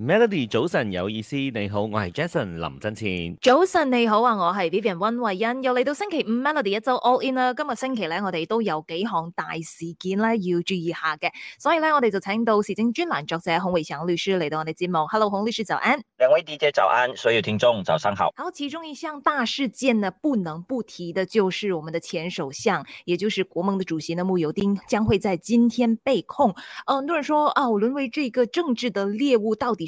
Melody，早晨有意思，你好，我係 Jason 林真前。早晨你好啊，我係 Vivian 溫慧欣，又嚟到星期五 Melody 一周 All In 啦、啊。今日星期咧，我哋都有幾項大事件咧要注意下嘅，所以咧我哋就請到時政專欄作者孔維祥律師嚟到我哋節目。Hello，孔律師早安。兩位 DJ 早安，所有聽眾早上好。好，其中一項大事件呢，不能不提的，就是我們的前首相，也就是國盟的主席呢，慕尤丁將會在今天被控。很、呃、多人說啊，淪為這個政治的獵物，到底，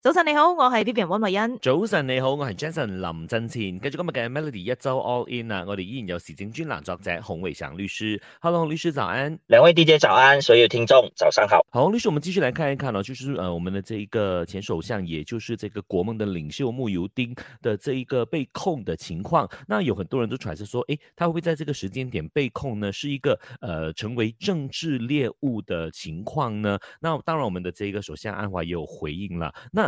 早晨你好，我係 B B 人溫慧欣。早晨你好，我是 Jason 林振前。跟住今日嘅 Melody 一周 All In 啊，我哋依然有時政專欄作者洪偉祥律師。Hello，律師早安。兩位 DJ 早安，所有聽眾早上好。好，律師，我們繼續來看一看了，就是、呃、我們的這一個前首相，也就是這個國盟的領袖慕尤丁的這一個被控的情況。那有很多人都揣測說，誒、欸，他會不會在這個時間點被控呢，是一個、呃、成為政治獵物的情況呢。那當然，我們的這一個首相安華也有回應了。那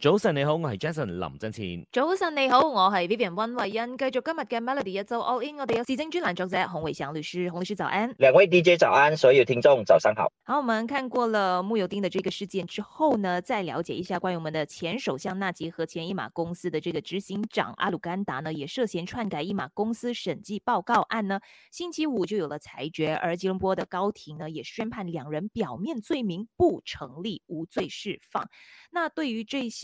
早晨你好，我係 Jason 林振前。早晨你好，我係 Vivian 温慧欣。繼續今日嘅 Melody 一周 All In 我哋有時政專欄作者洪維祥律師，洪律師早安早。兩位 DJ 早安，所有聽眾早上好。好，我們看過了慕尤丁的這個事件之後呢，再了解一下關於我們的前首相納吉和前一馬公司的這個執行長阿魯甘達呢，也涉嫌篡改一馬公司審計報告案呢。星期五就有了裁決，而吉隆坡的高庭呢，也宣判兩人表面罪名不成立，無罪釋放。那對於這些。